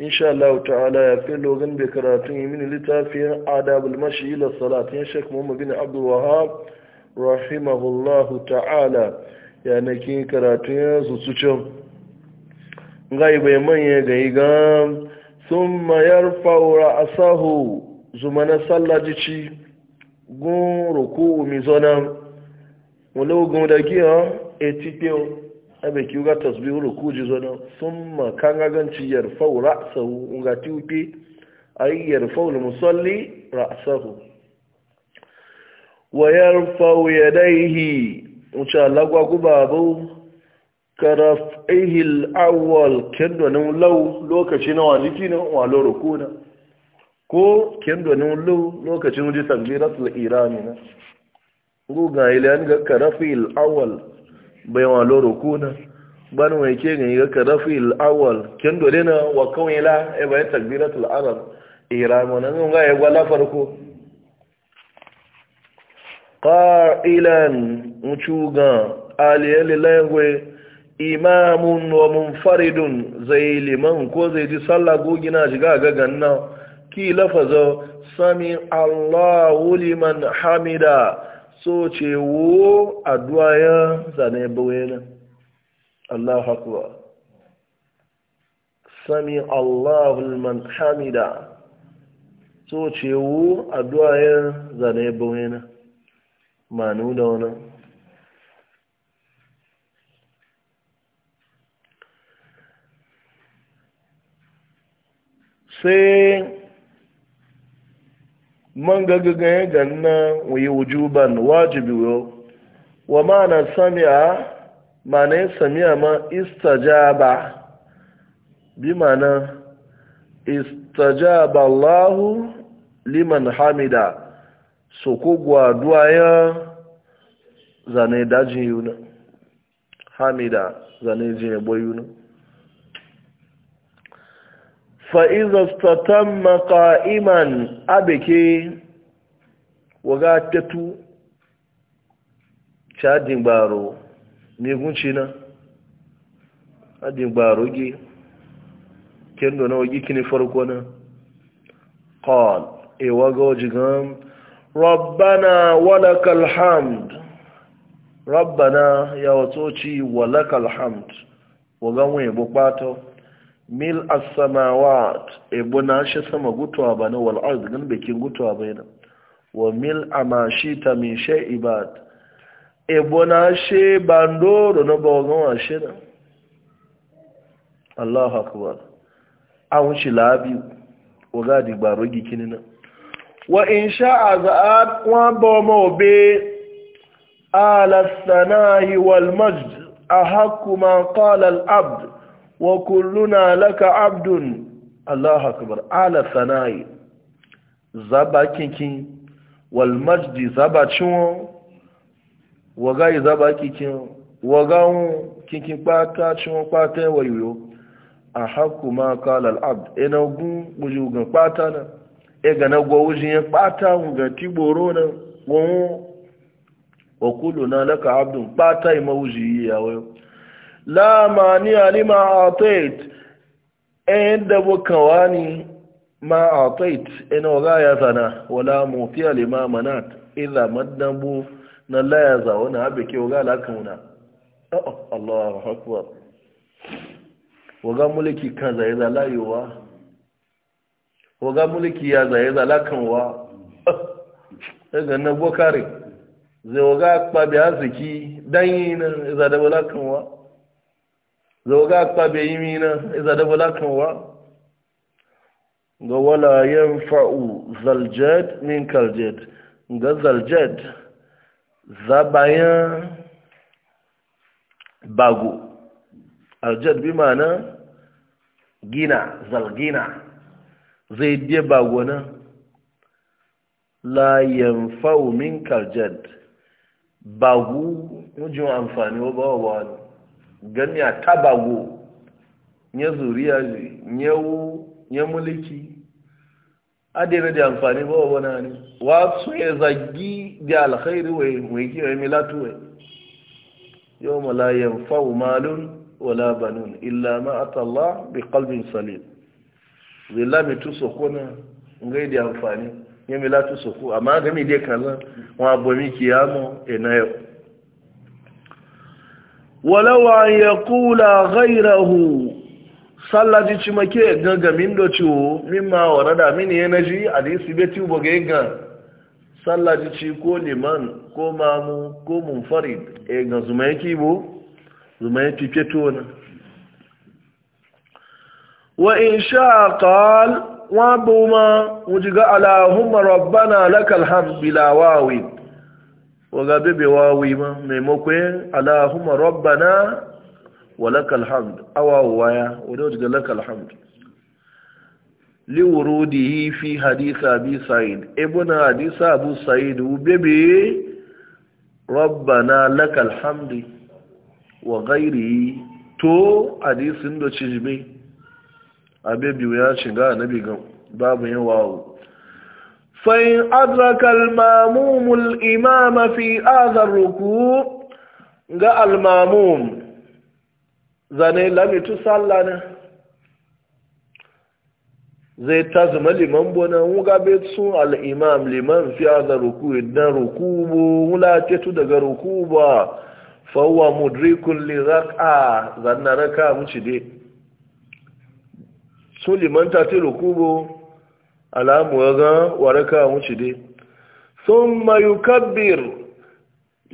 insha Allah ta'ala ya fi logan da karatun yi mini littafin adabul mashi ila salatin shek muhammad bin abdul wahab rahimahullahu ta'ala ya na karatun ya su can gai bai manya gai gam sun mayar faura a sahu zuma na ci gun ruku mizona wani ogun da giya etipiyo abe ki ga tasbihu ku zo nan summa kan ga yar yarfau ra'sahu ti tiupi ay yarfau musalli ra'sahu wa yarfau yadayhi insha Allah gwa ku babu karafaihi al-awwal kendo nan law lokaci na waliki na walo rukuna ko kendo nan law lokacin ji takbiratul irani na ruga ilan ga karafil awwal wa loro kuna ban mai ke gani ga karafi al'awal kin dole na wa kawai la e bayan takbiratul arab ihramu nan ga ya la farko qailan muchuga aliyal lengwe imamun wa munfaridun zai liman ko zai ji sallah gogina shiga ga ganna ki lafazo sami allahu liman hamida so ce wo addu'a ya zane bayyana Allahu haƙuwa. sami Allahul Manhamida, so ce wo addu'a ya zane na, ma nuna wani. sai man ga ganna wuyi wujuban wajibi wo wa mana sami'a mana ya sami'a ma istajaba bi mana istajaba Allahu liman hamida so ko gwaduwa ya zane daji yuna hamida zane jin yuna fa’iza tattan maka’iman abike wagatattu cajin gbaro negunci na ajin gbaro gi kendo na wagi kini farko na ƙon ewa ga waje rabana rabbana walakal hamd rabbana ya watsoci walakal hamd wa ganwe bukwato mil asamawat samawat ebo na shi sama gutuwa bane wal ard gan bikin gutuwa bayna wa mil ta min shay'i bad ebo na shi bandoro na bogon wa shi na Allahu akbar awun shi labi wa gadi gbaro gikini na wa in sha'a a wa ba mawbe ala hi wal majd ahakku ma qala al abd wa kulluna laka abdun Allah akbar ala sanai zaba kinkin wal majdi zaba chiwon wagai zaba kinkin wagaun kinkin pata chuo pata wayo a haku ma kala al-abd ina buju gan pata na e ga na gwa wujiyan pata wuga tiboro na wọn wa kulluna laka abdun pata ima ya yawayo la mani'a lima atait en da bukawani ma atait en ga ya sana wala mutiya lima manat idza madnabu na la ya zauna abe ke waga la kauna oh Allahu akbar waga mulki kaza ya wa waga mulki ya zaye zalakanwa daga na bokare zai waga bi aziki dan yi na zadabalakanwa zoga kpabe imi na iza da kan wa ga wala yan fa'u zaljad min kaljad ga zaljad bayan bago aljad bi mana gina zalgina zai biya bago na la yan fa'u min kaljad bago mujin amfani wa bawa wani gami a tabago ya zuriya yawu ya mulki adina da amfani ba wani ne su ya zagi da alkhairi wai mai kiyaye milatu wai yau malayan fa'u malun wala banun illa ma'atalla bi kalbin salim zai lamitu na, ngai da amfani ya milatu soko amma gami dai kaza wa abomi kiyamo ina yau walau an ya kula ghairahu sallah ji ci make gagamin da ciwo mimma warada mini yanaji hadisi beti boge ga sallah ji ci ko liman ko mamu ko munfarid e ga zuma bo zuma yake wa in sha qal wa buma wujiga allahumma rabbana lakal hamd bila wawi waga bebe wawi ma maimakon alahumma rabbana wa lakal hamd waya wadda wajen lakal hamd fi hadisa sa'id ibuna hadisa abu sa'id bebe rabbana lakal hamd wa to hadisin da cijbe a bebe ya shiga nabi babu yin wawo فإن أدرك الماموم الإمام في هذا الركوع جاء الماموم زني لم يتصلنا zai ta zama liman bona wuga betsu al'imam liman fi aza ruku idan rukubu wula tetu daga rukuba fawwa mudrikun liraka zanna raka muci dai su liman ta ti alamu ga waraka muci dai sun mayu kabbir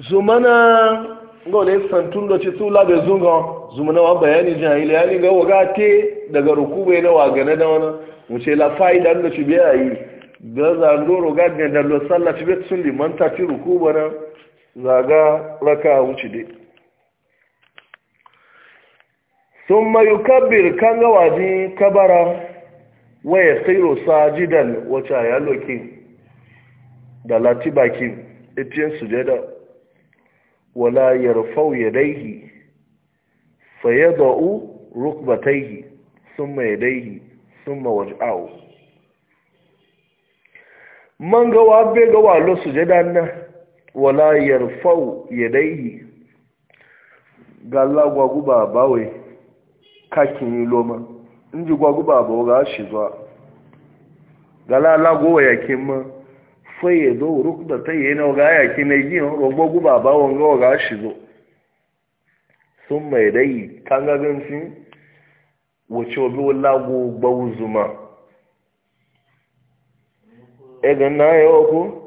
zumana ga wani santun da ce tula da zunga zumana wa bayani jahili ya ni ga waga te daga ya na wagane da wani wuce la fa'ida da ci biya yi da zandoro ga da lo sallah ci biya sun limanta ci rukuba na zaga raka muci dai sun mayu kabbir kan ji kabara waya tsiro sajidan wacce ya loki da latibakin etiyan sujada wala yarfau yadaihi fayadau rukbataihi summa yadaihi summa waj'au man ga wa be ga walo lo sujada na wala yarfau yadaihi galla gwa guba bawe kakin loma ndị gwaguba bụ ga shi zuwa galala gowa yakin ma sai ya zo ruk da ta yi na ga yakin na yi rogbo guba ba wanga ga shi zo sun mai dai kan gaganci wace obi wala gogba uzuma egan na yawa ko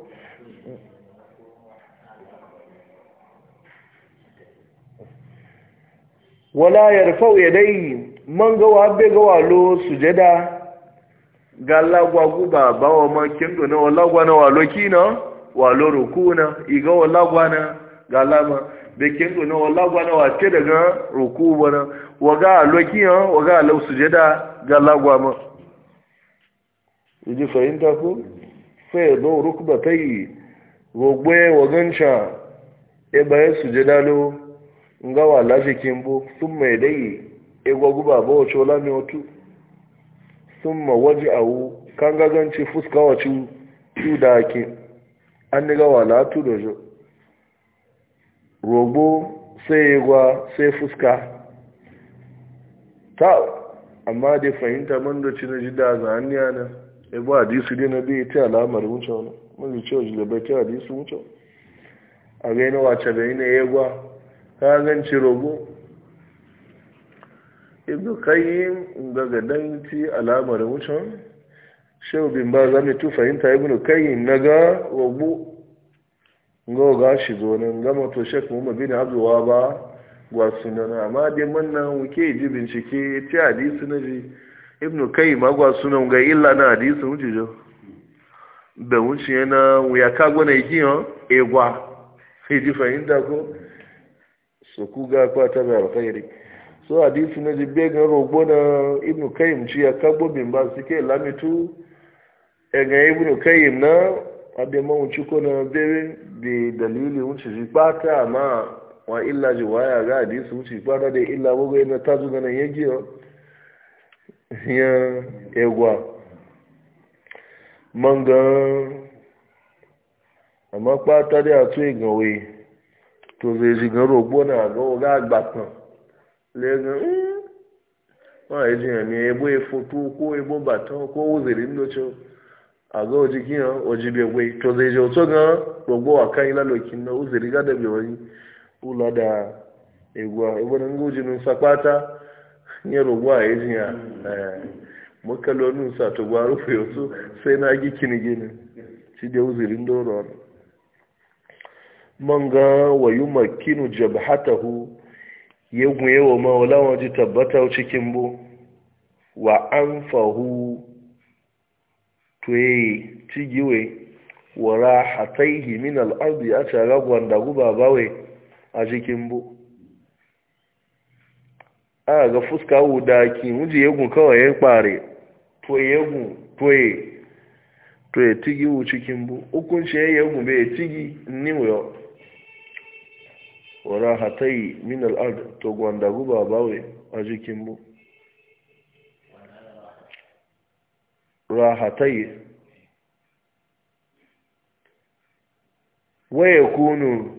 wala yarfau yadayhi man gawa be gawa lo sujada ga lagwa guba ba wa ma kendo na lagwa na walo na walo rukuna iga lagwa na ga ma be kendo na lagwa na wace daga ruku bana waga lo kina waga lo sujada ga lagwa ma yaji fahimta ku sai do rukba tai gogbe wagancha e bayan sujada lo ngawa lafi kimbo sun mai dai egwagu baba wace wala mai wato sun ma waje awu kan gaganci fuska wace ciwu da ake an ni gawa latu da jo rogo sai egwa sai fuska ta amma dai fahimta man da na ji da za an yana ebo hadisu dai na biyu ta alamar wuce wani mun ce wajen da bai ta hadisu wuce a gaina wace bai na egwa ka ganci rogo ibn qayyim daga danci alamar wucin shehu bin ba za mu tu fahimta ibn na naga wabu ngo ga shi zo nan gama to shek muhammad bin abdulwa ba gwa sunan amma dai mannan wuke ji bincike ti hadisi na ji ibnu qayyim gwa sunan ga illa na hadisi wuce jo da wuce yana wuya ka gwana yiki yo egwa sai ji fahimta ko su ku ga kwata alkhairi so hadisi na jibe gan rogbo na ibnu kayyim ci ya kagbo bin ba su ke lamitu e ga ibnu kayyim na abin mawuci ko na bebe bi dalili wuce shi bata ma wa illa ji waya ga hadisi wuce bata da illa gogo yana ta na nan yage ya egwa manga amma bata da e ya to gawe to zai ji gan rogbo na ga ga lega hmm. ma eji ya mi egbo efotu ko egbo bata ko uziri ndocho aga ojigi ya ojibe gwe to zai je oto gan gbogbo aka ila lokin na uziri ga da bi wani ula da egwa egwa nan goji nun sapata nye rogwa eji ya muka hmm. eh, lonu sa to gwa rufe otu sai na gi kinigini shi da uziri ndoro man ga wayu makinu jabhatahu ya gwaye wa maulawa ji tabbatar cikin bu wa an fahu tuye cigiwe wa rahataihi min al'ardi a tara gwanda guba bawai a cikin bu a ga fuska wuda ki wuji yegun kawai ya kpare tuye yegun tuye tuye cigiwu cikin bu hukunci ya yegun bai cigi niwuyo wala hatai min al'ad to gwanda guba bawe a jikin mu rahatai waya kunu